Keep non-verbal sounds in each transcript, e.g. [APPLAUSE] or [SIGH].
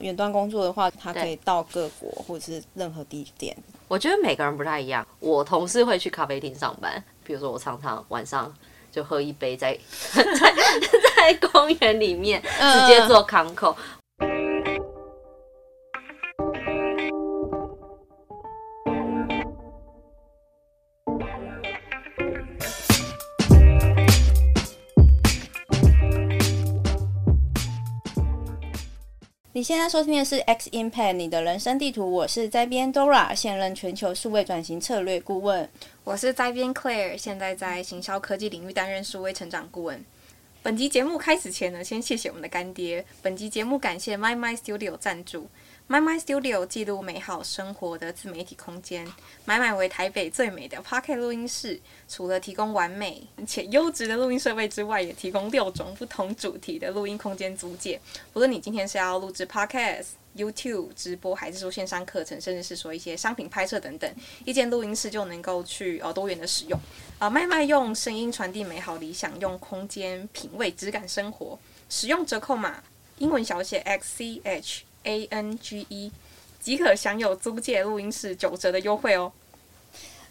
遠端工作的話，它可以到各國或者是任何地點。我覺得每個人不太一樣。我同事會去咖啡廳上班，比如說我常常晚上就喝一杯在 [LAUGHS] 在，在在在公園裡面、呃、直接做康扣。現在收聽的是《X Impact》，你的人生地圖。我是哉編 Dora，現任全球數位轉型策略顧問。我是哉編 Claire，現在在行銷科技領域擔任數位成長顧問。本集節目開始前呢，先謝謝我們的乾爹。本集節目感謝 MicMind Studio 贊助。MicMind Studio 記錄美好生活的自媒體空間，MicMind 為台北最美的 Podcast 錄音室。除了提供完美且優質的錄音設備之外，也提供六種不同主題的錄音空間租借。不論你今天是要錄製 Podcast、YouTube 直播，還是做線上課程，甚至是說一些商品拍攝等等，一間錄音室就能夠去呃多元的使用。啊、呃、，MicMind 用聲音傳遞美好理想，用空間品味質感生活。使用折扣碼，英文小寫 XCH。A N G E 即可享有租借錄音室九折的優惠哦！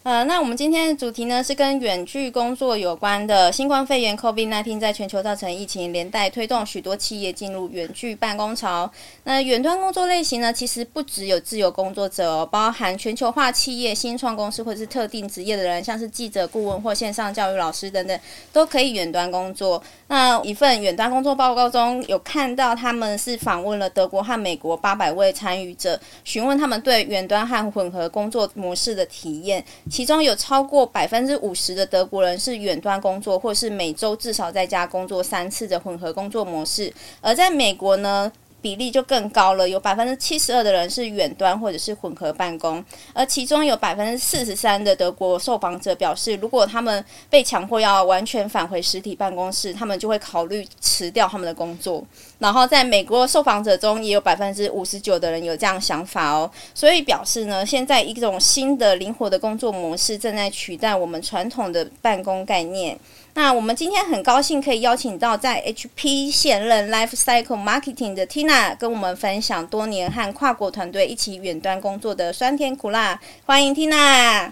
呃，那我們今天的主題呢，是跟遠距工作有關的。新冠肺炎 COVID-19 在全球造成疫情，連帶推動許多企業進入遠距辦公潮。那遠端工作類型呢，其實不只有自由工作者哦，包含全球化企業、新創公司或者是特定職業的人，像是記者、顧問或線上教育老師等等，都可以遠端工作。那一份遠端工作報告中有看到，他們是訪問了德國和美國八百位參與者，詢問他們對遠端和混合工作模式的體驗。其中有超過百分之五十的德國人是遠端工作，或是每週至少在家工作三次的混合工作模式。而在美國呢？比例就更高了，有百分之七十二的人是遠端或者是混合辦公，而其中有百分之四十三的德國受訪者表示，如果他們被強迫要完全返回實體辦公室，他們就會考慮辭掉他們的工作。然後在美國受訪者中也有百分之五十九的人有這樣想法哦。所以表示呢，現在一種新的靈活的工作模式正在取代我們傳統的辦公概念。那我們今天很高興可以邀請到在 HP 現任 Life Cycle Marketing 的 Tina 跟我們分享多年和跨國團隊一起遠端工作的酸甜苦辣。歡迎 Tina。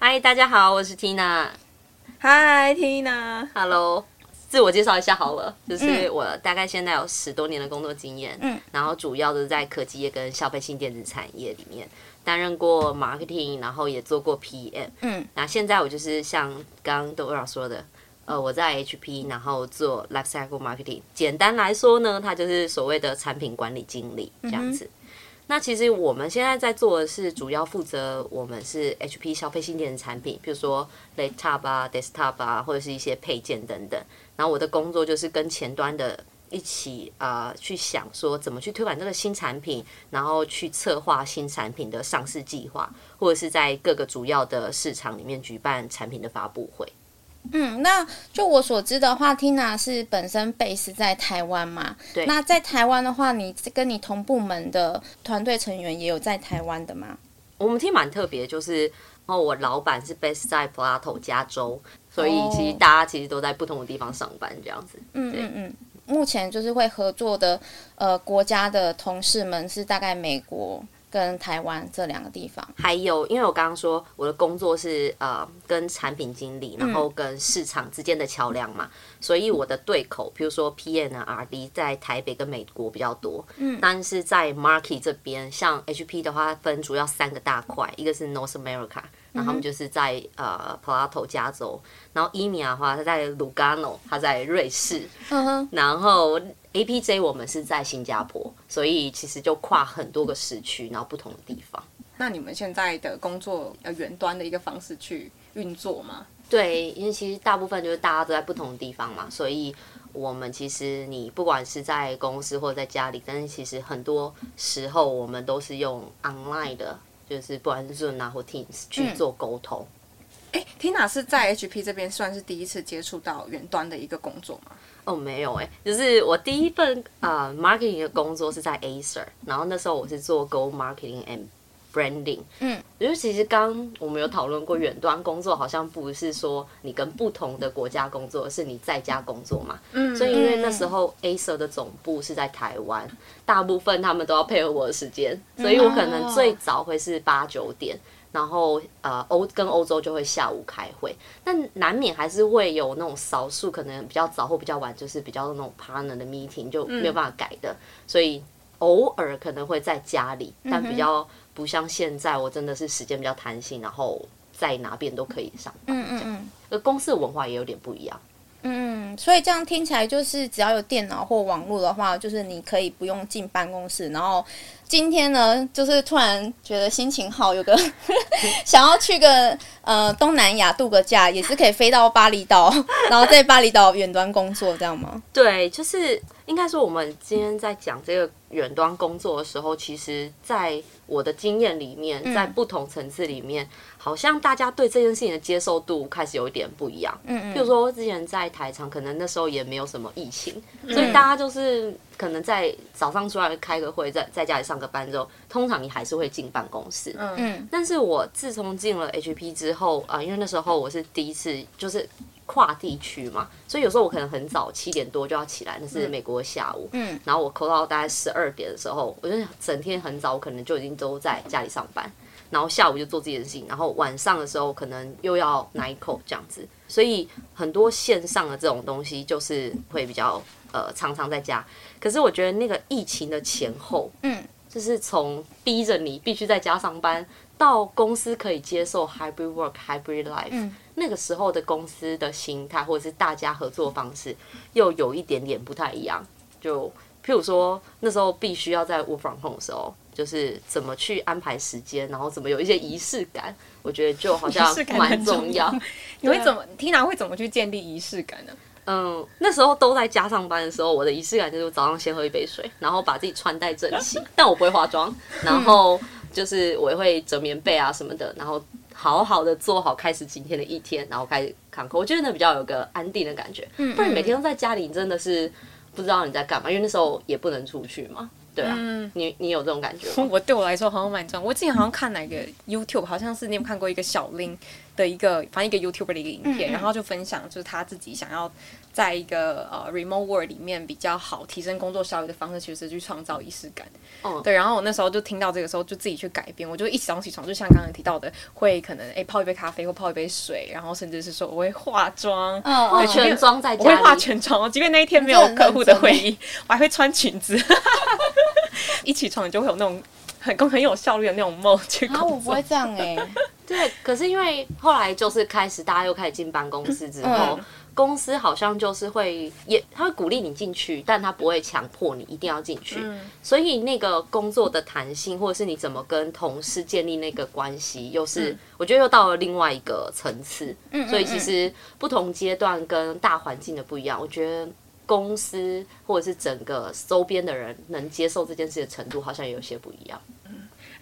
Hi，大家好，我是 Tina。Hi，Tina。Hello。自我介紹一下好了，就是我大概現在有十多年的工作經驗，嗯，然後主要是在科技業跟消費性電子產業裡面擔任過 Marketing，然後也做過 PM，嗯，那現在我就是像剛剛 Dora 說的。呃，我在 HP，然後做 Lifecycle Marketing。簡單來說呢，它就是所謂的產品管理經理這樣子。那其實我們現在在做的是主要負責我們是 HP 消費性電子產品，比如說 Laptop 啊、Desktop 啊，或者是一些配件等等。然後我的工作就是跟前端的一起啊、呃，去想說怎麼去推廣這個新產品，然後去策劃新產品的上市計劃，或者是在各個主要的市場裡面舉辦產品的發布會。嗯，那就我所知的話，Tina 是本身 base 在台灣嘛。對。那在台灣的話，你跟你同部門的團隊成員也有在台灣的嗎？我們聽蠻特別，就是哦，我老闆是 base 在 Palo Alto 加州，所以其實大家其實都在不同的地方上班這樣子。哦、嗯嗯嗯。目前就是會合作的呃國家的同事們是大概美國，跟台灣這兩個地方，還有因為我剛剛說我的工作是呃跟產品經理，然後跟市場之間的橋梁嘛、嗯，所以我的對口，譬如說 P N R D 在台北跟美國比較多，嗯、但是在 Market 這邊，像 H P 的話，分主要三個大塊、嗯，一個是 North America，然後他們就是在、嗯、呃 Palo Alto 加州，然後 EMEA 的話他在 Lugano 他在瑞士，嗯哼，然後。APJ 我們是在新加坡，所以其實就跨很多個時區，然後不同的地方。那你們現在的工作要遠端的一個方式去運作嗎？對，因為其實大部分就是大家都在不同的地方嘛，所以我們其實你不管是在公司或在家裡，但是其實很多時候我們都是用 online 的，就是不管是 Zoom 啊或 Teams，嗯、去做溝通。哎、欸、，Tina 是在 HP 這邊算是第一次接觸到遠端的一個工作嗎？哦，沒有誒、欸，就是我第一份啊、呃、，marketing 的工作是在 Acer，然後那時候我是做 Go Marketing and Branding，嗯，因為其實剛我們有討論過，遠端工作好像不是說你跟不同的國家工作，是你在家工作嘛，嗯，所以因為那時候 Acer 的總部是在台灣，大部分他們都要配合我的時間，所以我可能最早會是八九點。然後，呃，歐跟歐洲就會下午開會，但難免還是會有那種少數可能比較早或比較晚，就是比較那種 partner 的 meeting、嗯、就沒有辦法改的，所以偶爾可能會在家裡、嗯，但比較不像現在，我真的是時間比較彈性，然後在哪邊都可以上班。嗯嗯嗯，這樣。而公司的文化也有點不一樣。嗯，所以這樣聽起來就是只要有電腦或網絡的話，就是你可以不用進辦公室。然後今天呢，就是突然覺得心情好，有個 [LAUGHS] 想要去個呃東南亞度個假，也是可以飛到巴厘島，然後在巴厘島遠端工作，這樣嗎？對，就是應該說我們今天在講這個遠端工作的時候，其實，在。我的經驗裡面，在不同層次裡面、嗯，好像大家對這件事情的接受度開始有一點不一樣。嗯嗯，譬如說之前在台廠，可能那時候也沒有什麼疫情，嗯，所以大家就是可能在早上出來開個會在，在在家裡上個班之後，通常你還是會進辦公室。嗯嗯，但是我自從進了 HP 之後啊，呃，因為那時候我是第一次，就是。跨地區嘛，所以有時候我可能很早七點多就要起來，那是美國的下午。嗯，嗯然後我 call 到大概十二點的時候，我就整天很早我可能就已經都在家裡上班，然後下午就做自己的事情，然後晚上的時候可能又要 night call 這樣子。所以很多線上的這種東西就是會比較呃常常在家。可是我覺得那個疫情的前後，嗯，就是從逼着你必須在家上班。到公司可以接受 hybrid work hybrid life，嗯、那個時候的公司的心態或者是，大家合作方式又有一點點不太一樣。就譬如說那時候必須要在 work from home 的時候，就是怎麼去安排時間，然後怎麼有一些儀式感，我覺得就好像蠻重要。重要，你會怎麼、啊？Tina 會怎麼去建立儀式感呢、啊？嗯，那時候都在家上班的時候，我的儀式感就是早上先喝一杯水，然後把自己穿戴整齊， [LAUGHS] 但我不會化妝，然後。嗯就是我也會折棉被啊什麼的，然後好好的做好開始今天的一天，然後開始看課，我覺得那比較有個安定的感覺。嗯，嗯，不然每天都在家裡你真的是不知道你在幹嘛，因為那時候也不能出去嘛，對啊。你你有這種感覺嗎、嗯、我對我來說好像蠻重要。我之前好像看哪個 YouTube，好像是你有，有看過一個小林的一個，反正一個 YouTuber 的一個影片，嗯嗯，然後就分享就是他自己想要。在一個呃 remote work 裡面比較好提升工作效率的方式，其實是去創造儀式感、嗯。對。然後我那時候就聽到這個時候，就自己去改變。我就一早上起床，就像剛剛提到的，會可能哎、欸、泡一杯咖啡，或泡一杯水，然後甚至是說我會化妝，全妝在家裡，我會化全妝。哦，即便那一天沒有客戶的會議、嗯，我還會穿裙子。 [LAUGHS] [LAUGHS] 一起床就會有那種很很，很有效率的那種 mode。去、啊、d 我不會這樣哎、欸， [LAUGHS] 對。可是因為後來就是開始大家又開始進辦公室之後。嗯嗯公司好像就是會也，他會鼓勵你進去，但他不會強迫你一定要進去。嗯。所以那個工作的彈性，或者是你怎麼跟同事建立那個關係，又是，嗯，我覺得又到了另外一個層次，嗯嗯嗯。所以其實不同階段跟大環境的不一樣，我覺得公司或者是整個周邊的人能接受這件事的程度，好像也有些不一樣。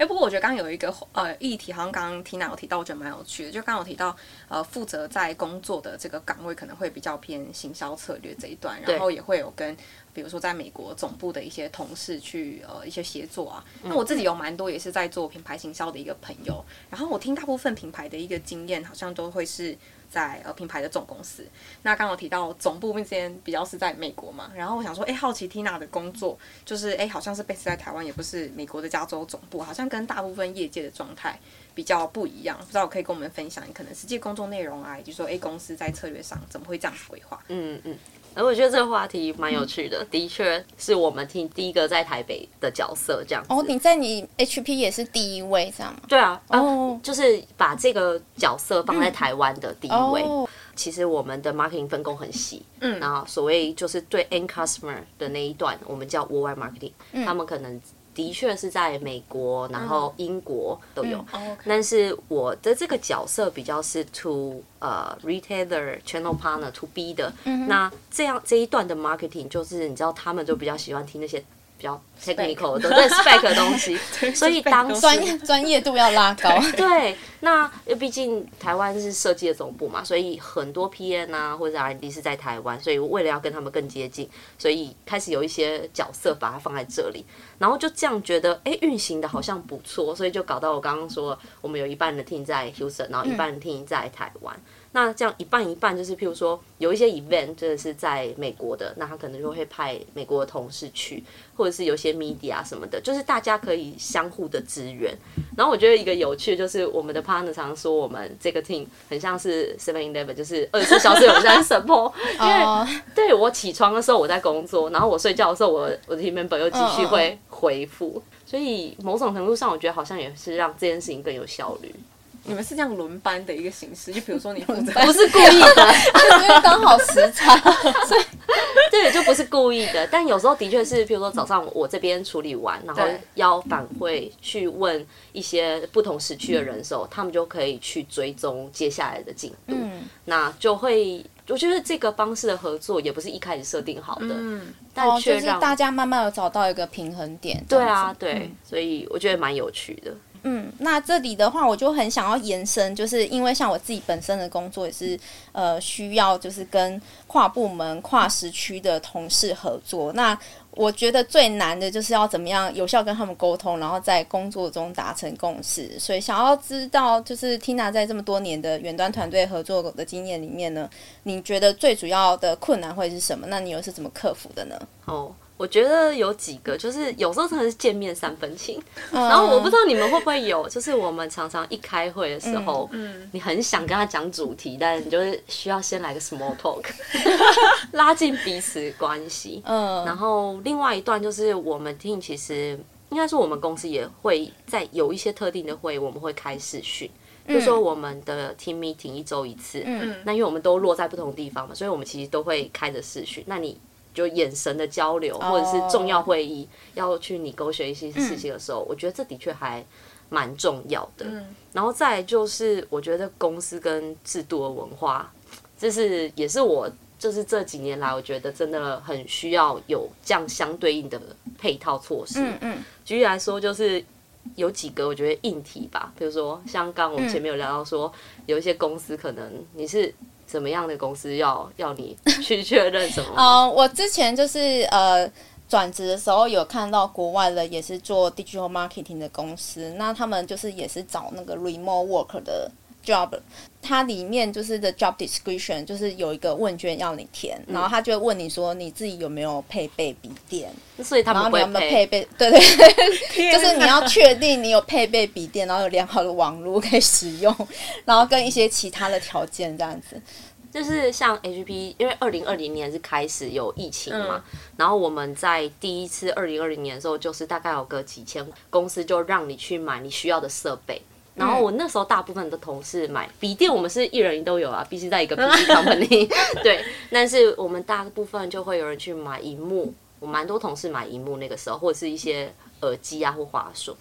哎、欸，不過我覺得剛剛有一個呃議題，好像剛剛 Tina 有提到，我覺得蠻有趣的。就剛剛有提到，呃，負責在工作的這個崗位可能會比較偏行銷策略這一段，然後也會有跟，比如說在美國總部的一些同事去呃一些協作啊。那我自己有蠻多也是在做品牌行銷的一個朋友，然後我聽大部分品牌的一個經驗，好像都會是。在呃，品牌的總公司，那剛好提到總部那些比較是在美國嘛，然後我想說，哎、欸，好奇 Tina 的工作，就是哎、欸，好像是 base 在台灣，也不是美國的加州總部，好像跟大部分業界的狀態比較不一樣，不知道我可以跟我們分享，可能實際工作內容啊，就是說哎、欸，公司在策略上怎麼會這樣子規劃？嗯嗯，嗯。哎，我覺得這個話題蠻有趣的，嗯、的確是我們聽第一個在台北的角色這樣。哦、oh，你在你 HP 也是第一位，這樣嗎？對啊，哦、oh. 啊，就是把這個角色放在台灣的第一位。嗯 oh. 其實我們的 marketing 分工很細，嗯，然後所謂就是對 end customer 的那一段，我們叫 worldwide marketing，嗯、他們可能。的確是在美國，然後英國都有、嗯。但是我的這個角色比較是 to 呃、uh, retailer channel partner to B 的、嗯。那這樣這一段的 marketing 就是你知道，他們就比較喜歡聽那些。比較 technical spec，都在 spec 的東西， [LAUGHS] 所以當時專業，專業度要拉高。 [LAUGHS] 對，對，對，對，那因為畢竟台灣是設計的總部嘛，所以很多 PN 啊或者 R&D 是在台灣，所以我為了要跟他們更接近，所以開始有一些角色把它放在這裡，然後就這樣覺得，哎、欸，運行的好像不錯，所以就搞到我剛剛說，我們有一半的 team 在 Houston，然後一半的 team 在台灣。嗯那這樣一半一半，就是譬如說，有一些 event 就是在美國的，那他可能就會派美國的同事去，或者是有些 media 什麼的，就是大家可以相互的支援。然後我覺得一個有趣的就是，我們的 partner 常常說我們這個 team 很像是 seven eleven，就是二十四小時有人在 support，因為對我起床的時候我在工作，然後我睡覺的時候我我的 team member 又繼續會回覆，所以某種程度上我覺得好像也是讓這件事情更有效率。你們是這樣輪班的一個形式，就比如說你們不是故意的， [LAUGHS] 因為剛好時差， [LAUGHS] 對，就不是故意的。但有時候的確是，比如說早上我這邊處理完，然後要返回去問一些不同時區的人的時候，嗯，他們就可以去追蹤接下來的進度，嗯。那就會，我覺得這個方式的合作也不是一開始設定好的，嗯、但覺得、哦就是、大家慢慢有找到一個平衡點。對啊，對，所以我覺得蠻有趣的。嗯，那這裡的話，我就很想要延伸，就是因為像我自己本身的工作也是，呃，需要就是跟跨部門、跨時區的同事合作。那我覺得最難的就是要怎麼樣有效跟他們溝通，然後在工作中達成共識。所以想要知道，就是 Tina 在這麼多年的遠端團隊合作的經驗裡面呢，你覺得最主要的困難會是什麼？那你又是怎麼克服的呢？哦。我覺得有幾個，就是有時候真的是見面三分情。然後我不知道你們會不會有，就是我們常常一開會的時候，嗯，嗯，你很想跟他講主題，但你就是需要先來個 small talk， [LAUGHS] [LAUGHS] 拉近彼此關係。嗯。然後另外一段就是我們聽，其實應該說我們公司也會在有一些特定的會，我們會開視訊，就是說我們的 team meeting 一周一次。嗯。那因為我們都落在不同地方嘛，所以我們其實都會開着視訊。那你？就眼神的交流，或者是重要會議要去你勾選一些事情的時候，我覺得這的確還蠻重要的。然後再來就是，我覺得公司跟制度的文化，這是也是我就是這幾年來，我覺得真的很需要有這樣相對應的配套措施。嗯嗯，舉例來說，就是有幾個我覺得硬體吧，比如說像剛我們前面有聊到說，有一些公司可能你是。什麼樣的公司要要你去確認什麼？啊、 [LAUGHS] uh,，我之前就是呃轉職的時候有看到國外的也是做 digital marketing 的公司，那他們就是也是找那個 remote work 的。Job，它裡面就是 the job description，就是有一個問卷要你填，嗯、然後他就會問你說，你自己有沒有配備筆電？所以他們不會配備， [LAUGHS] 對，對對， [LAUGHS] 就是你要確定你有配備筆電，然後有良好的網絡可以使用，然後跟一些其他的條件這樣子，就是像 HP，因為二零二零年是開始有疫情嘛，嗯、然後我們在第一次二零二零年的時候，就是大概有個幾千公司就讓你去買你需要的設備。然後我那時候大部分的同事買、嗯、筆電，我們是一人都有啊，畢竟在一個 PC company 裡。對，但是我們大部分就會有人去買熒幕，我蠻多同事買熒幕那個時候，或者是一些耳機啊或滑鼠，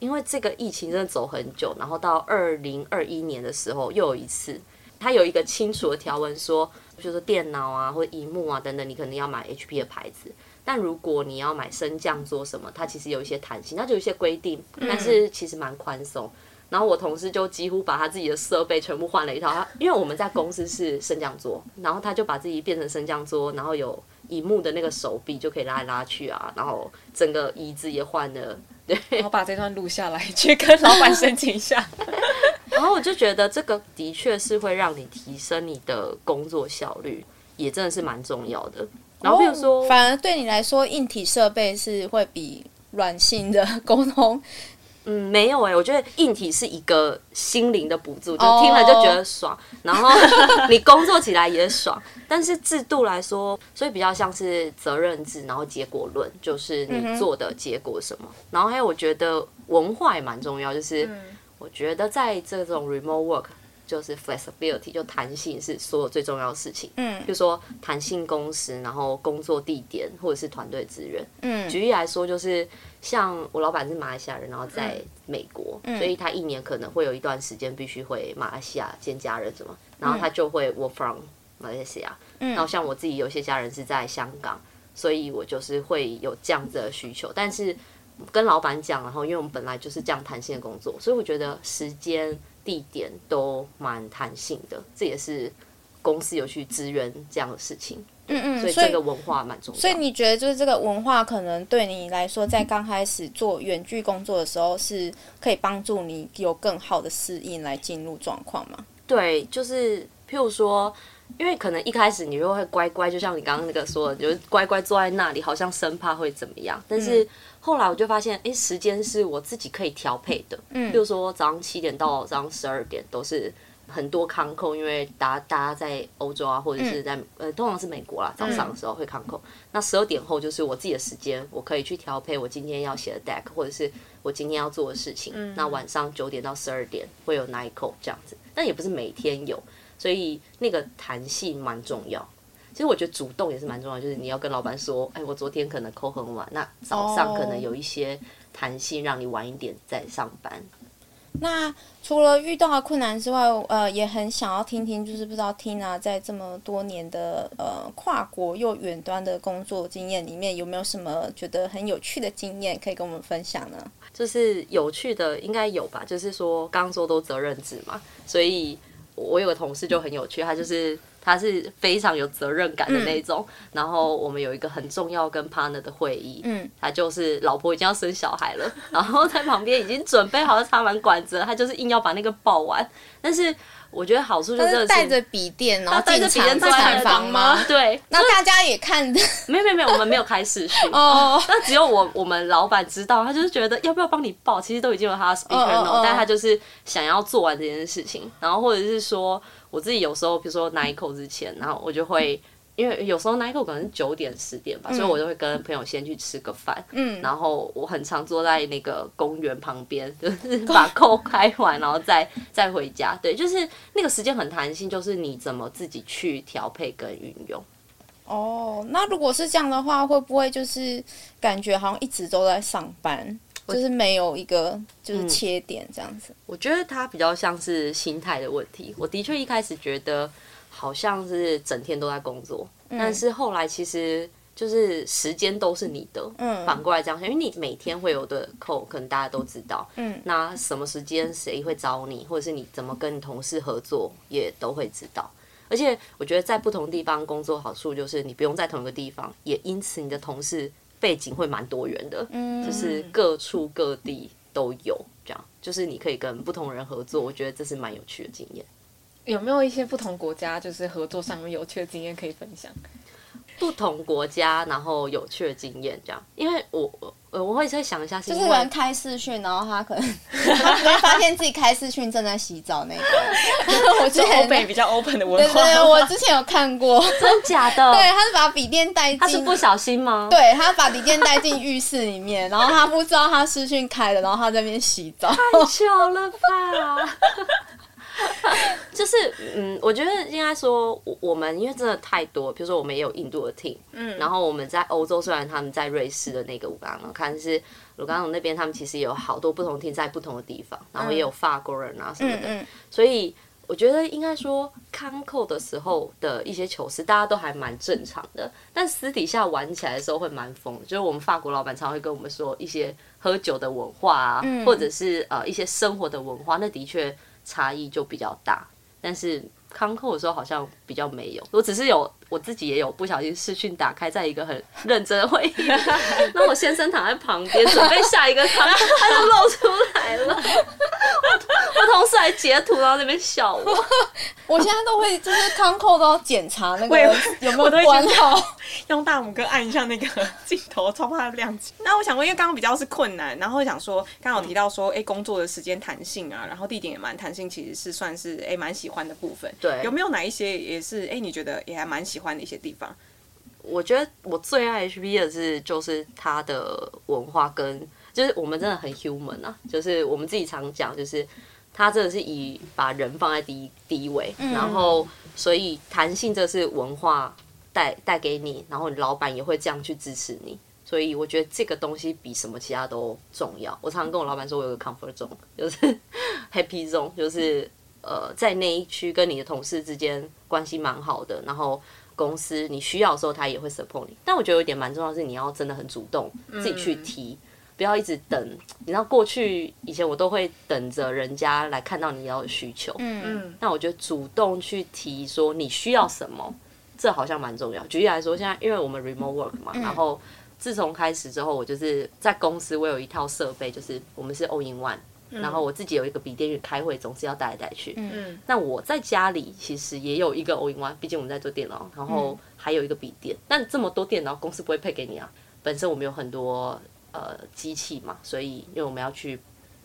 因為這個疫情真的走很久。然後到二零二一年的時候，又有一次，它有一個清楚的條文說，就是說電腦啊或者熒幕啊等等，你可能要買 HP 的牌子。但如果你要買升降桌什麼，它其實有一些彈性，它就有一些規定，但是其實蠻寬鬆。嗯然後我同事就幾乎把他自己的設備全部換了一套，因為我們在公司是升降桌，然後他就把自己變成升降桌，然後有熒幕的那個手臂就可以拉來拉去啊，然後整個椅子也換了。對。我把這段錄下來，去跟老闆申請一下。 [LAUGHS] 然後我就覺得這個的確是會讓你提升你的工作效率，也真的是蠻重要的。然後比如說，哦，反而對你來說，硬體設備是會比軟性的溝通。嗯，沒有哎、欸，我覺得硬體是一個心靈的補助，Oh. 就聽了就覺得爽，然後 [LAUGHS] 你工作起來也爽。但是制度來說，所以比較像是責任制，然後結果論，就是你做的結果什麼。Mm-hmm. 然後還有，我覺得文化也蠻重要，就是我覺得在這種 remote work。就是 flexibility，就彈性是所有最重要的事情。嗯，就說彈性公司，然後工作地點或者是團隊資源。嗯，舉例來說，就是像我老闆是馬來西亞人，然後在美國，嗯，所以他一年可能會有一段時間必須回馬來西亞見家人什麼，然後他就會 work from 馬來西亞。嗯，然後像我自己有些家人是在香港，所以我就是會有這樣的需求。但是跟老闆講，然後因為我們本來就是這樣彈性的工作，所以我覺得時間。地點都蠻彈性的，這也是公司有去支援這樣的事情。嗯嗯，所以這個文化蠻重要的。所以你覺得，就是這個文化可能對你來說，在剛開始做遠距工作的時候，是可以幫助你有更好的適應來進入狀況嗎？對，就是譬如說，因為可能一開始你就會乖乖，就像你剛剛那個說的，就是乖乖坐在那裡，好像生怕會怎麼樣，但是。嗯後來我就發現，哎、欸，時間是我自己可以調配的。嗯，比如說早上七點到早上十二點都是很多康扣，因為大家大家在歐洲啊，或者是在呃，通常是美國啦，早上的時候會康扣、嗯、那十二點後就是我自己的時間，我可以去調配我今天要寫的 deck，或者是我今天要做的事情。嗯、那晚上九點到十二點會有 nico 這樣子，但也不是每天有，所以那個彈性蠻重要。其實我覺得主動也是蠻重要的，就是你要跟老闆說，哎，我昨天可能扣很晚，那早上可能有一些彈性，讓你晚一點再上班。Oh. 那除了遇到困難之外，呃，也很想要聽聽，就是不知道 Tina 在這麼多年的呃跨國又遠端的工作經驗裡面，有沒有什麼覺得很有趣的經驗可以跟我們分享呢？就是有趣的應該有吧，就是說剛做都責任制嘛，所以我有個同事就很有趣，嗯、他就是。他是非常有責任感的那種、嗯，然後我們有一個很重要跟 partner 的會議，他、嗯、就是老婆已經要生小孩了，嗯、然後在旁邊已經準備好插了插滿管子，他 [LAUGHS] 就是硬要把那個報完，但是。我覺得好處就是帶着筆電哦，帶着筆電在看房嗎？對、 [LAUGHS] 就是。那大家也看的， [LAUGHS] 沒有沒有沒有，我們沒有開視訊哦。那、oh. 只有我，我們老闆知道，他就是覺得要不要幫你報，其實都已經有他的 speaker 了、oh, oh, oh. 但是他就是想要做完這件事情，然後或者是說我自己有時候，比如說拿一口之前，然後我就會。 [LAUGHS] 因為有時候那一刻我可能是九點十點吧、嗯，所以我就會跟朋友先去吃個飯，嗯，然後我很常坐在那個公園旁邊，就是把扣開完，然後再 [LAUGHS] 再回家。對，就是那個時間很彈性，就是你怎麼自己去調配跟運用。哦，那如果是這樣的話，會不會就是感覺好像一直都在上班，就是沒有一個就是切點這樣子？我、嗯、我覺得他比較像是心態的問題。我的確一開始覺得好像是整天都在工作，嗯、但是後來其實就是時間都是你的、嗯。反過來這樣想，因為你每天會有的 call，可能大家都知道。嗯，那什麼時間誰會找你，或者是你怎麼跟你同事合作，也都會知道。而且我覺得在不同地方工作好處就是你不用在同一個地方，也因此你的同事背景會蠻多元的、嗯，就是各處各地都有。這樣就是你可以跟不同人合作，我覺得這是蠻有趣的經驗。有沒有一些不同國家就是合作上面有趣的經驗可以分享？ [LAUGHS] 不同國家，然後有趣的經驗這樣，因為我我會再想一下，就是我能開視訊，然後他可能，哈哈，發現自己開視訊正在洗澡那個， [LAUGHS] [LAUGHS] 我歐北比較 open 的文化， [LAUGHS] 對，對對，我之前有看過，真的假的？對，他是把筆電帶進，他是不小心嗎？對，他把筆電帶進浴室裡面， [LAUGHS] 然後他不知道他視訊開了，然後他在那邊洗澡，太巧了吧？ [LAUGHS] [LAUGHS] 就是嗯，我覺得應該說，我，我們因為真的太多，比如說我們也有印度的 team，嗯，然後我們在歐洲，雖然他們在瑞士的那個武甘農我看是武甘那邊，他們其實也有好多不同 team 在不同的地方，嗯，然後也有法國人啊什麼的，嗯嗯，所以我覺得應該說，康扣的時候的一些糗事，大家都還蠻正常的，但私底下玩起來的時候會蠻瘋。就是我們法國老闆常會跟我們說一些喝酒的文化啊，嗯，或者是呃一些生活的文化，那的確。差異就比較大，但是康扣的時候好像，比較沒有，我只是有我自己也有不小心視訊打開在一個很認真的會議，那 [LAUGHS] 我先生躺在旁邊準備下一個康 [LAUGHS] 他就露出來了 [LAUGHS] 我。我同事還截圖然後那邊笑我， [LAUGHS] 我現在都會就是康扣都要檢查那個有沒有關好，用大拇哥按一下那個鏡頭，超怕他亮起。那我想問，因為剛剛比較是困難，然後我想說剛剛有提到說，哎、欸，工作的時間彈性啊，然後地點也蠻彈性，其實是算是哎蠻、欸、喜歡的部分。對，有沒有哪一些也？是哎、欸，你覺得也還蠻喜歡的一些地方。我覺得我最愛 HP 的是，就是它的文化跟就是我們真的很 human 啊，就是我們自己常講，就是它真的是以把人放在第一第一位，然後所以彈性這是文化帶帶給你，然後老板也會這樣去支持你，所以我覺得這個東西比什麼其他都重要。我常常跟我老板說，我有個 comfort zone，就是 [LAUGHS] happy zone，就是。呃，在那一區跟你的同事之間關係蠻好的，然後公司你需要的時候，他也會 support 你。但我覺得有一點蠻重要的是，你要真的很主動，自己去提、嗯，不要一直等。你知道過去以前我都會等着人家來看到你要的需求。嗯，那、嗯、我覺得主動去提說你需要什麼，這好像蠻重要。舉例來說，現在因為我們 remote work 嘛，嗯、然後自從開始之後，我就是在公司我有一套設備，就是我們是 all in one。然後我自己有一個筆電去開會，總是要帶來帶去。嗯。那我在家裡其實也有一個 all in one 畢竟我們在做電腦，然後還有一個筆電。嗯。但這麼多電腦公司不會配給你啊？本身我們有很多呃機器嘛，所以因為我們要去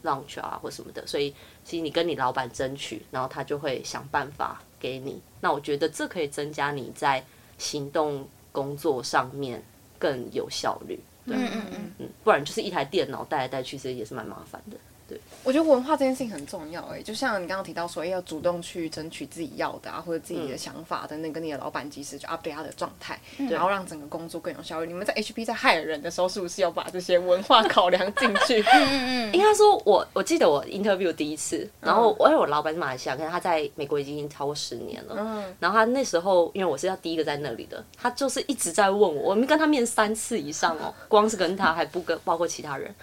launch 啊或什麼的，所以其實你跟你老闆爭取，然後他就會想辦法給你。那我覺得這可以增加你在行動工作上面更有效率。對。嗯嗯。不然就是一台電腦帶來帶去，其實也是蠻麻煩的。對我覺得文化這件事情很重要哎、欸，就像你剛剛提到說，要主動去爭取自己要的啊，或者自己的想法等等，跟你的老闆及時就 update 他的狀態，嗯，然後讓整個工作更有效率。你們在 HP 在 hire 人的時候，是不是要把這些文化考量進去？應 [LAUGHS] 該，嗯嗯、說我，我我記得我 interview 第一次，然後我因為我老闆是馬來西亞，可是他在美國已經超過十年了。然後他那時候因為我是要第一個在那裡的，他就是一直在問我，我沒跟他面三次以上哦、喔，光是跟他還不跟包括其他人。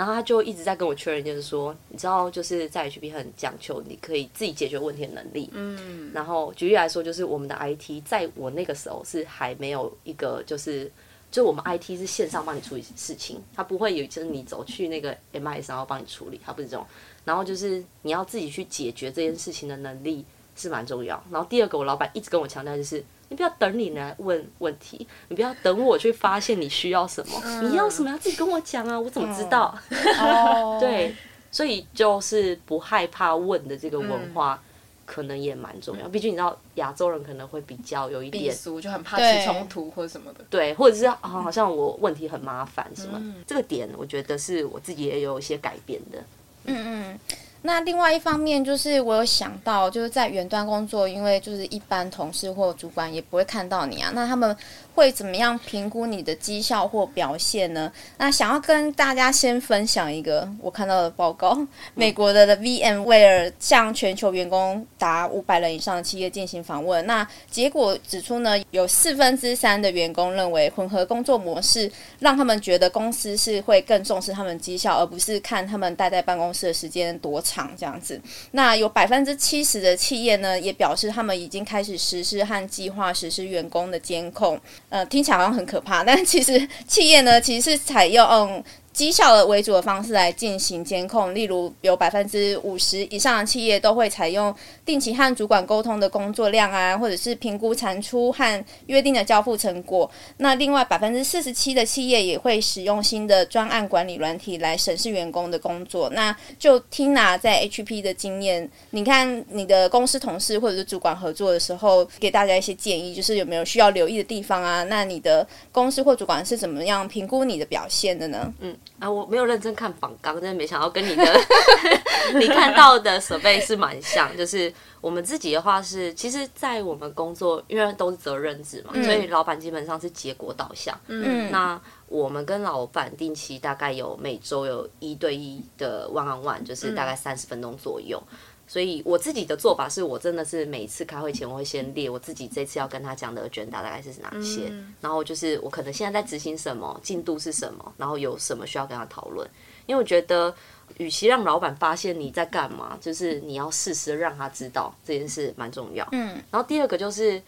然後他就一直在跟我確認，就是說，你知道，就是在 H P 很講求你可以自己解決問題的能力。嗯，然後舉例來說，就是我們的 I T 在我那個時候是還沒有一個，就是就我們 I T 是線上幫你處理事情，他不會有就是你走去那個 M I S 然後幫你處理，他不是這種。然後就是你要自己去解決這件事情的能力是蠻重要。然後第二個，我老板一直跟我強調就是。你不要等你來問問題，你不要等我去發現你需要什麼。嗯、你要什麼要自己跟我講啊，我怎麼知道？嗯哦、 [LAUGHS] 對，所以就是不害怕問的這個文化，可能也蠻重要。畢、嗯、竟你知道，亞洲人可能會比較有一點，就很怕起衝突或什麼的。對，或者是啊、哦，好像我問題很麻煩什麼、嗯。這個點我覺得是我自己也有一些改變的。嗯嗯,嗯。那另外一方面就是，我有想到，就是在遠端工作，因為就是一般同事或主管也不會看到你啊，那他們。會怎麼樣評估你的績效或表現呢？那想要跟大家先分享一個我看到的報告，美國的的 VMware 向全球員工達五百人以上的企業進行訪問。那結果指出呢，有四分之三的員工認為混合工作模式讓他們覺得公司是會更重視他們績效，而不是看他們待在辦公室的時間多長這樣子。那有百分之七十的企業呢，也表示他們已經開始實施和計劃實施員工的監控。呃，聽起來好像很可怕，但其實企業呢，其實是採用，績效的為主的方式來進行監控，例如有百分之五十以上的企業都會採用定期和主管溝通的工作量啊，或者是評估產出和約定的交付成果。那另外百分之四十七的企業也會使用新的專案管理軟體來審視員工的工作。那就 Tina 在 HP 的經驗，你看你的公司同事或者是主管合作的時候，給大家一些建議，就是有沒有需要留意的地方啊？那你的公司或主管是怎麼樣評估你的表現的呢？嗯。啊，我沒有認真看訪綱，真的沒想到跟你的 [LAUGHS] [LAUGHS] 你看到的設備是蠻像。就是我們自己的話是，其實，在我們工作，因為都是責任制嘛、嗯，所以老板基本上是結果導向。嗯，那我們跟老板定期大概有每周有一對一的 one on one，就是大概三十分鐘左右。嗯嗯所以我自己的做法是，我真的是每次開會前，我會先列我自己這次要跟他講的 agenda 大概是哪些，然後就是我可能現在在執行什麼，進度是什麼，然後有什麼需要跟他討論。因為我覺得，與其讓老闆發現你在幹嘛，就是你要適時讓他知道這件事蠻重要。嗯。然後第二個就是，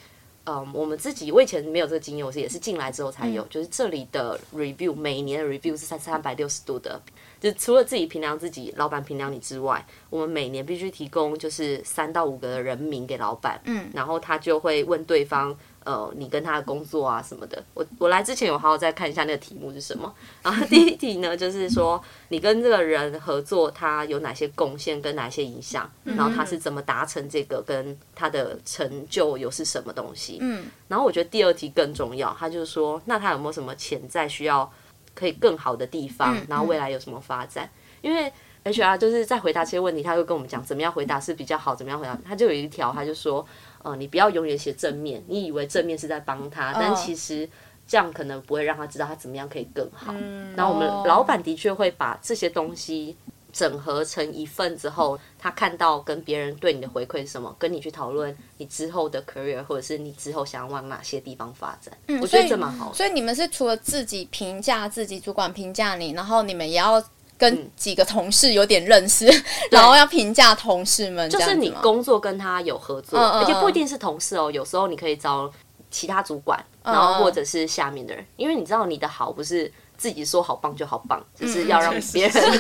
嗯，我們自己我以前沒有這個經驗，我是也是進來之後才有，就是這裡的 review，每年的 review 是三三百六十度的。就除了自己評量自己，老板評量你之外，我們每年必須提供就是三到五個人名給老板，嗯，然後他就會問對方，呃，你跟他的工作啊什麼的。我我來之前有好好再看一下那個題目是什麼，然後第一題呢 [LAUGHS] 就是說你跟這個人合作，他有哪些貢獻跟哪些影響，嗯，然後他是怎麼達成這個，跟他的成就又是什麼東西。嗯，然後我覺得第二題更重要，他就是說那他有沒有什麼潛在需要？可以更好的地方、嗯，然後未來有什麼發展？嗯、因為 HR 就是在回答這些問題，嗯，他會跟我們講怎麼樣回答是比較好，怎麼樣回答，他就有一條，他就說，呃，你不要永遠寫正面，你以為正面是在幫他，嗯、但其實這樣可能不會讓他知道他怎麼樣可以更好。嗯、然後我們老闆的確會把這些東西。整合成一份之後，他看到跟別人對你的回饋是什麼，跟你去討論你之後的 career，或者是你之後想要往哪些地方發展。嗯、我覺得這蠻好的。所以，所以你們是除了自己評價自己，主管評價你，然後你們也要跟幾個同事有點認識，嗯、 [LAUGHS] 然後要評價同事們。就是你工作跟他有合作，嗯、而且不一定是同事哦、嗯。有時候你可以找其他主管，然後或者是下面的人，嗯、因為你知道你的好不是。自己說好棒就好棒，就、嗯、是要讓別人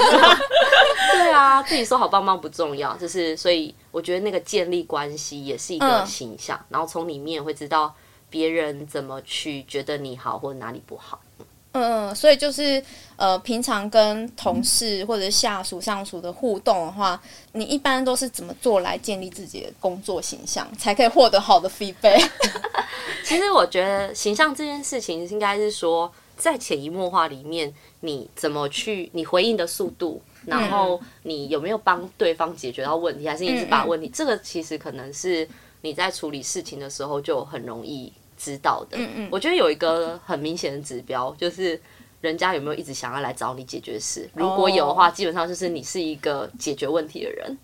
對啊， [LAUGHS] 自己說好棒嗎不重要，就是所以我覺得那個建立關係也是一個形象，嗯、然後從裡面會知道別人怎麼去覺得你好或者哪裡不好。嗯嗯，所以就是呃，平常跟同事或者下屬、上屬的互動的話，你一般都是怎麼做來建立自己的工作形象，才可以獲得好的 feedback？其實我覺得形象這件事情應該是說。在潛移默化裡面，你怎麼去，你回應的速度，然後你有沒有幫對方解決到問題，還是一直把問題嗯嗯？這個其實可能是你在處理事情的時候就很容易知道的。嗯嗯，我覺得有一個很明顯的指標，就是人家有沒有一直想要來找你解決事。如果有的話，基本上就是你是一個解決問題的人。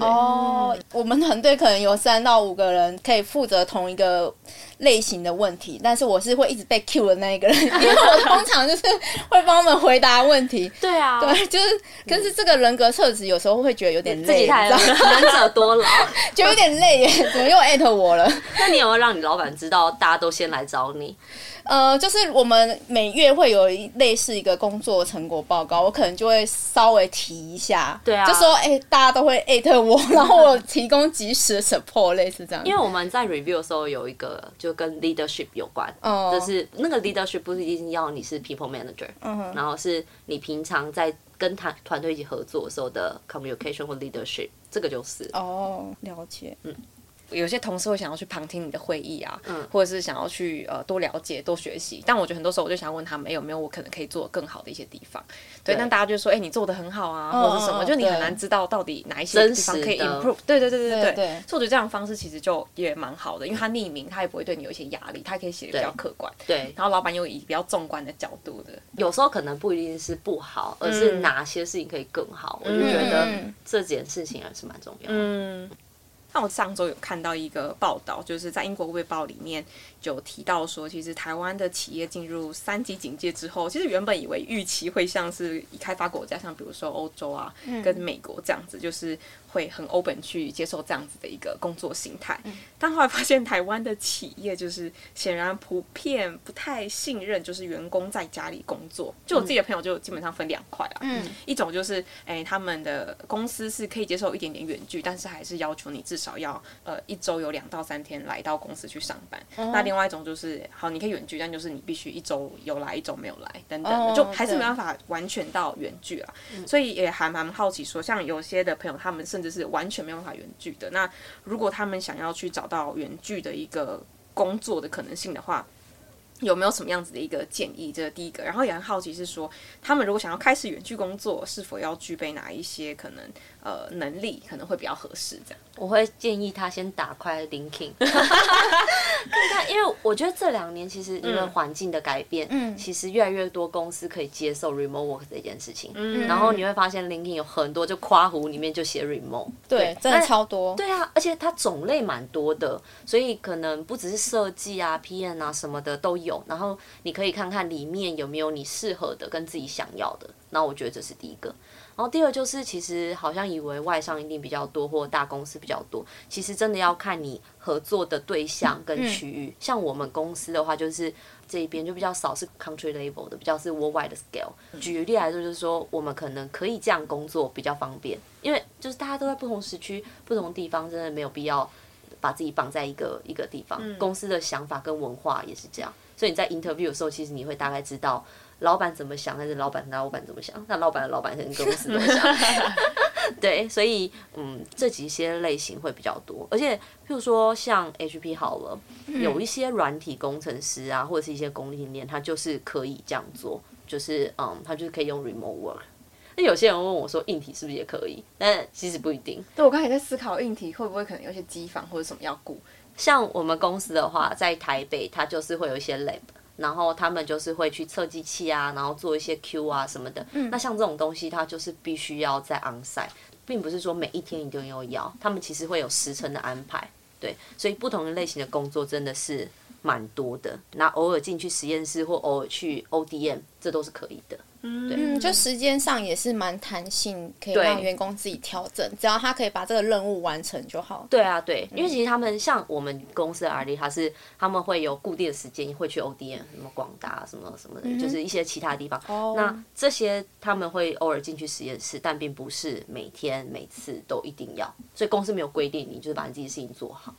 哦、嗯 oh，我們團隊可能有三到五個人可以負責同一個類型的問題，但是我是會一直被 Q 的那一個人，因為我通常就是會幫他們回答問題。 [LAUGHS] 對啊，對，就是，但是這個人格特質有時候會覺得有點累，嗯、你知道嗎？能者多勞，就有點累耶，怎麼又 at 我了？ [LAUGHS] 那你有沒有讓你老板知道，大家都先來找你？呃，就是我們每月會有一類似一個工作成果報告，我可能就會稍微提一下，對啊，就說哎、欸，大家都會艾特我， [LAUGHS] 然後我提供及時的 support，類似這樣。因為我們在 review 的時候有一個就跟 leadership 有關、哦，就是那個 leadership 不是一定要你是 people manager，嗯，然後是你平常在跟團團隊一起合作的時候的 communication 或 leadership，這個就是。哦，了解，嗯。有些同事會想要去旁聽你的會議啊，嗯、或者是想要去呃多了解、多學習。但我覺得很多時候，我就想問他們、欸、有沒有我可能可以做的更好的一些地方。對，對那大家就說：“哎、欸，你做的很好啊，哦、或者是什麼。”就你很難知道到底哪一些地方可以 improve。對對對對對，對對對。所以我覺得這樣的方式其實就也蠻好的，因為他匿名，他也不會對你有一些壓力，他可以寫的比較客觀。對。對然後老板又以比較縱觀的角度的，有時候可能不一定是不好，而是哪些事情可以更好。嗯、我就覺得這件事情還是蠻重要的。嗯。嗯那我上周有看到一個報道，就是在《英國衛報》裡面就提到說，其實台灣的企業進入三級警戒之後，其實原本以為預期會像是已開發國家，像比如說歐洲啊，跟美國這樣子，就是。會很 open 去接受這樣子的一個工作形態，嗯，但後來發現台灣的企業就是顯然普遍不太信任，就是員工在家裡工作。就我自己的朋友就基本上分兩塊啊，嗯，一種就是哎他們的公司是可以接受一點點遠距，但是還是要求你至少要呃一周有兩到三天來到公司去上班。哦，那另外一種就是好，你可以遠距，但就是你必須一周有來一周沒有來等等，就還是沒辦法完全到遠距啊、哦。所以也還蠻好奇說，像有些的朋友他們是。甚至是完全沒有辦法遠距的。那如果他們想要去找到遠距的一個工作的可能性的話，有沒有什麼樣子的一個建議？這是第一個。然後也很好奇是說，他們如果想要開始遠距工作，是否要具備哪一些可能？呃，能力可能會比較合適，這樣我會建議他先打開 LinkedIn [LAUGHS] [LAUGHS] 因為我覺得這兩年其實因為環境的改變，嗯，其實越來越多公司可以接受 remote work 這件事情，嗯，然後你會發現 LinkedIn 有很多就誇湖裡面就寫 remote，對，對，對，真的超多，對啊，而且它種類蠻多的，所以可能不只是設計啊、PM 啊什麼的都有，然後你可以看看裡面有沒有你適合的跟自己想要的，那我覺得這是第一個。然後第二就是，其實好像以為外商一定比較多，或者大公司比較多，其實真的要看你合作的對象跟區域。嗯嗯、像我們公司的話，就是這一邊就比較少是 country level 的，比較是 worldwide scale。舉例來說，就是說我們可能可以這樣工作比較方便，因為就是大家都在不同時區、不同地方，真的沒有必要把自己綁在一個一個地方，嗯。公司的想法跟文化也是這樣，所以你在 interview 的時候，其實你會大概知道。老闆怎麼想？還是老闆老闆怎麼想？那老闆的老闆跟公司怎麼想？ [LAUGHS] [LAUGHS] 對，所以嗯，這幾些類型會比較多。而且，譬如說像 HP 好了，嗯、有一些軟體工程師啊，或者是一些供應鏈，他就是可以這樣做，就是嗯，他就是可以用 remote work。那有些人問我說，硬體是不是也可以？但其實不一定。對，我剛才在思考硬體會不會可能有些機房或者什麼要顧。像我們公司的話，在台北，它就是會有一些 lab。然後他們就是會去測機器啊，然後做一些 Q 啊什麼的。嗯、那像這種東西，它就是必須要在 on site，並不是說每一天你都要要。他們其實會有時程的安排，對。所以不同的類型的工作，真的是。蠻多的，那偶爾進去實驗室或偶爾去 ODM，這都是可以的。嗯，嗯，就時間上也是蠻彈性，可以讓員工自己調整，只要他可以把這個任務完成就好。對啊，對，嗯、因為其實他們像我們公司的 RD，他是他們會有固定的時間會去 ODM，什麼廣達什麼什麼的，嗯、就是一些其他地方、嗯。那這些他們會偶爾進去實驗室，但並不是每天每次都一定要。所以公司沒有規定你，就是把你自己的事情做好。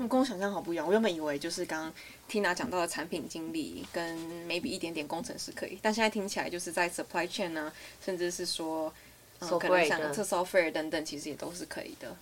那、嗯、跟我想象好不一樣。我原本以為就是剛 Tina 講到的產品經理跟 maybe 一點點工程師可以，但現在聽起來就是在 supply chain 呢、啊，甚至是說，嗯、的可能想測 software 等等，其實也都是可以的。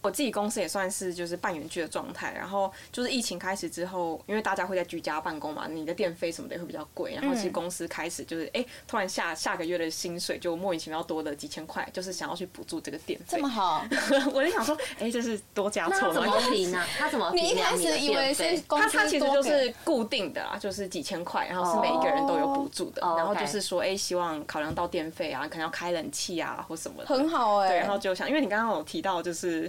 我自己公司也算是就是半遠距的狀態，然後就是疫情開始之後，因為大家會在居家辦公嘛，你的電費什麼的也會比較貴，然後其實公司開始就是哎、欸，突然下下個月的薪水就莫名其妙多了幾千塊，就是想要去補助這個電費。這麼好， [LAUGHS] 我就想說，哎、欸，這是多加錯了怎麼平呢？他怎麼 [LAUGHS] 他怎麼你一開始以為是公司他他其實就是固定的啊，就是幾千塊，然後是每一個人都有補助的、哦，然後就是說哎、欸，希望考量到電費啊，可能要開冷氣啊或什麼的很好哎、欸，然後就想，因為你剛剛有提到就是。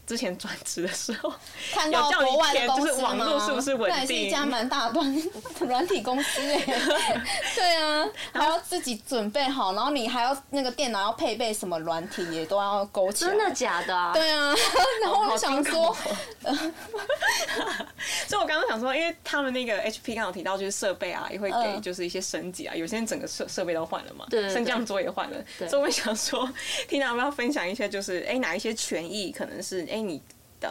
之前轉職的時候，看到國外的、就是網絡，是不是穩定是一家蠻大端軟 [LAUGHS] 體公司耶， [LAUGHS] 對啊，還要自己準備好，然後你還要那個電腦要配備什麼軟體也都要勾起來，真的假的、啊？對啊，然後我就想說，好好喔呃、 [LAUGHS] 所以我剛剛想說，因為他們那個 HP 剛好提到就是設備啊，也會給就是一些升級啊，呃、有些人整個設設備都換了嘛，對，對，對，升降桌也換了對，所以我想說，聽到他們要分享一些就是哎、欸、哪一些權益可能是哎。欸你的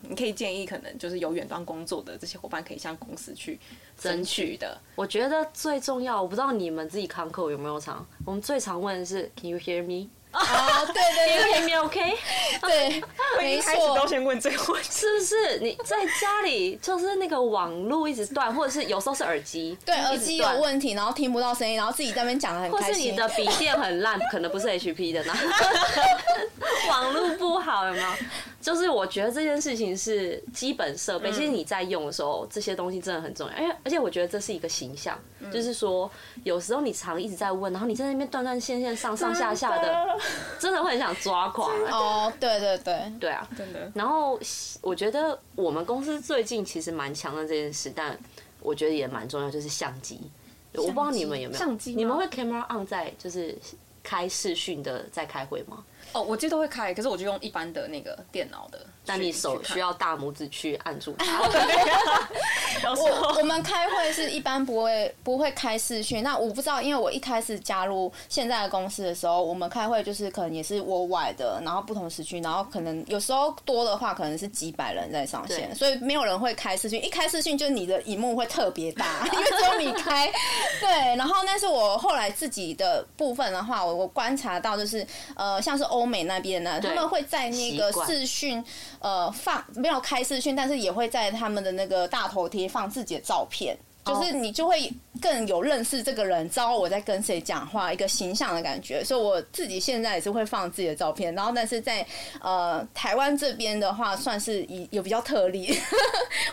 你可以建議，可能就是有遠端工作的這些夥伴，可以向公司去爭取的。我覺得最重要，我不知道你們自己康客有沒有常。我們最常問的是 “Can you hear me？” 啊、oh, [LAUGHS] 對對，Can you hear me？OK，對，沒錯、okay, okay? [LAUGHS] 對， [LAUGHS] 開始都先問這個問題。是不是你在家裡就是那個網絡一直斷， [LAUGHS] 或者是有時候是耳機？對，耳機有問題，然後聽不到聲音，然後自己在那邊講的很開心。或是你的筆電很爛， [LAUGHS] 可能不是 HP 的呢？ [LAUGHS] [LAUGHS] 網絡不好，有沒有？就是我覺得這件事情是基本設備、嗯，其實你在用的時候這些東西真的很重要，因為、嗯、而且我覺得這是一個形象、嗯，就是說有時候你常一直在問，然後你在那邊斷斷線線上上下下的，真的， [LAUGHS] 真的會很想抓狂哦、啊，對，對對對，對啊，然後我覺得我們公司最近其實蠻強調這件事，但我覺得也蠻重要，就是相機，我不知道你們有沒有相機，你們會 camera on 在就是開視訊的在開會嗎？哦，我記得會開，可是我就用一般的那個電腦的。但你手需要大拇指去按住它、 [LAUGHS] 啊。我我們開會是一般不會不會開視訊，那我不知道，因為我一開始加入現在的公司的時候，我們開會就是可能也是 worldwide 的，然後不同時區，然後可能有時候多的話，可能是幾百人在上線，所以沒有人會開視訊。一開視訊，就是你的熒幕會特別大，因為只有你開。 [LAUGHS] 對，然後但是我後來自己的部分的話，我我觀察到就是呃，像是。歐美那邊呢，他們會在那個視訊，呃，放沒有開視訊，但是也會在他們的那個大頭貼放自己的照片，oh. 就是你就會更有認識這個人，知道我在跟誰講話，一個形象的感覺。所以我自己現在也是會放自己的照片，然後但是在呃台灣這邊的話，算是一有比較特例， [LAUGHS]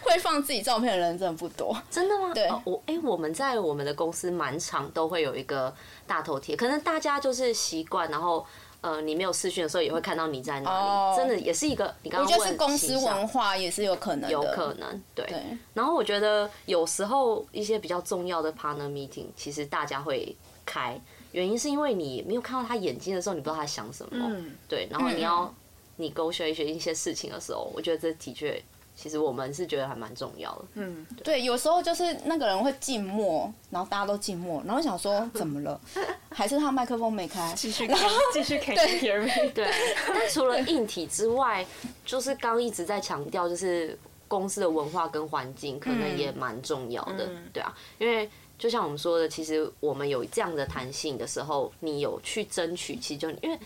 會放自己照片的人真的不多，真的嗎？對，哦、我哎、欸，我們在我們的公司蠻常都會有一個大頭貼，可能大家就是習慣，然後。呃，你沒有視訊的時候也會看到你在哪裡，哦、真的也是一個你剛剛問。你剛說的公司文化也是有可能，有可能對，對。然後我覺得有時候一些比較重要的 partner meeting，其實大家會開，原因是因為你沒有看到他眼睛的時候，你不知道他想什麼、嗯。對。然後你要你勾選一些一些事情的時候，嗯、我覺得這的確。其實我們是覺得還蠻重要的，嗯對，對，有時候就是那個人會靜默，然後大家都靜默，然後想說怎麼了， [LAUGHS] 還是他麥克風沒開？繼續開，繼續開。對， [LAUGHS] 但除了硬體之外，就是剛一直在強調，就是公司的文化跟環境可能也蠻重要的，嗯，對啊，因為就像我們說的，其實我們有這樣的彈性的時候，你有去爭取其實就因為。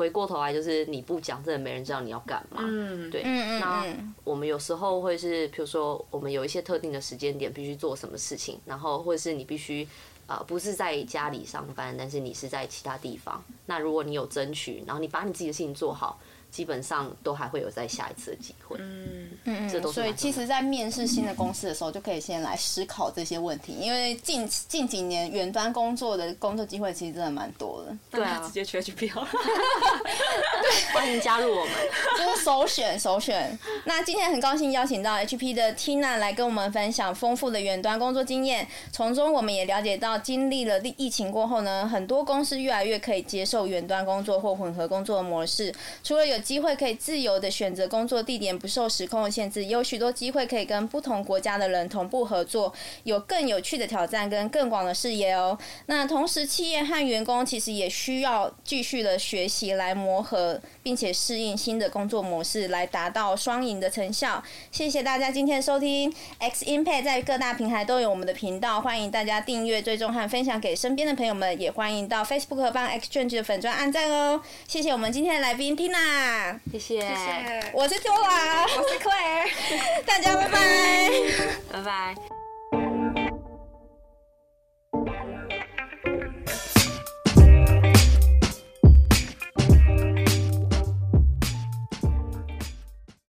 回過頭來，就是你不講，真的沒人知道你要幹嘛。嗯。對，那我們有時候會是，比如說我們有一些特定的時間點必須做什麼事情，然後或者是你必須，啊，呃，不是在家裡上班，但是你是在其他地方。那如果你有爭取，然後你把你自己的事情做好。基本上都還會有再下一次的機會。嗯嗯嗯，所以其實，在面試新的公司的時候，就可以先來思考這些問題。嗯、因為近近幾年，遠端工作的工作機會其實真的蠻多的。對啊，直接去 H P 好了，歡迎加入我們，這，就是首選首選。那今天很高興邀請到 H P 的 Tina 來跟我們分享豐富的遠端工作經驗，從中我們也了解到，經歷了疫情過後呢，很多公司越來越可以接受遠端工作或混合工作的模式。除了有有機會可以自由的選擇工作地點，不受時空的限制，有許多機會可以跟不同國家的人同步合作，有更有趣的挑戰跟更廣的視野喔。那同時，企業和員工其實也需要繼續的學習來磨合，並且適應新的工作模式，來達到雙贏的成效。謝謝大家今天的收聽。X Impact 在各大平台都有我們的頻道，歡迎大家訂閱、追蹤和分享給身邊的朋友們，也歡迎到 Facebook 幫 XChange 的粉專按讚喔。謝謝我們今天的來賓 Tina。謝謝，謝謝，我是秋蘭，我是 Claire， [LAUGHS] [LAUGHS] 大家拜拜，拜拜。